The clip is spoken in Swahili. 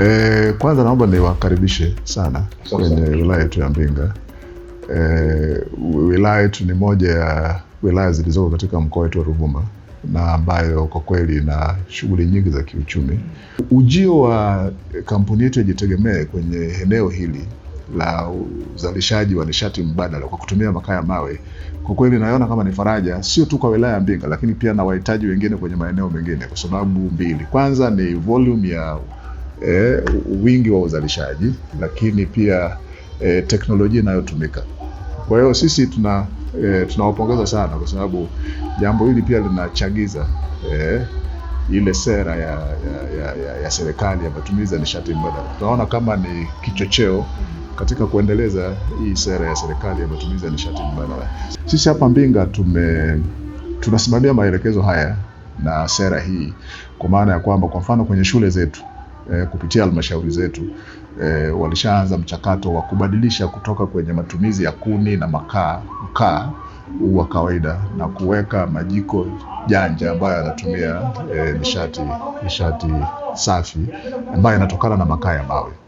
E, kwanza naomba niwakaribishe sana kwenye wilaya yetu ya Mbinga. E, wilaya yetu ni moja ya wilaya zilizoko katika mkoa wetu wa Ruvuma na ambayo kwa kweli ina shughuli nyingi za kiuchumi. Ujio wa kampuni yetu yajitegemee kwenye eneo hili la uzalishaji wa nishati mbadala kwa kutumia makaa ya mawe kwa kweli naiona kama ni faraja, sio tu kwa wilaya ya Mbinga, lakini pia na wahitaji wengine kwenye maeneo mengine, kwa sababu mbili. Kwanza ni volume ya eh, wingi wa uzalishaji, lakini pia eh, teknolojia inayotumika. Kwa hiyo sisi tuna eh, tunawapongeza sana kwa sababu jambo hili pia linachagiza eh, ile sera ya, ya, ya, ya, ya serikali ya matumizi ya nishati mbadala. Tunaona kama ni kichocheo katika kuendeleza hii sera ya serikali ya matumizi ya nishati mbadala. Sisi hapa Mbinga tume tunasimamia maelekezo haya na sera hii kwa maana ya kwamba kwa mfano kwenye shule zetu eh, kupitia halmashauri zetu eh, walishaanza mchakato wa kubadilisha kutoka kwenye matumizi ya kuni na makaa mkaa wa kawaida na kuweka majiko janja ambayo yanatumia eh, nishati nishati safi ambayo yanatokana na makaa ya mawe.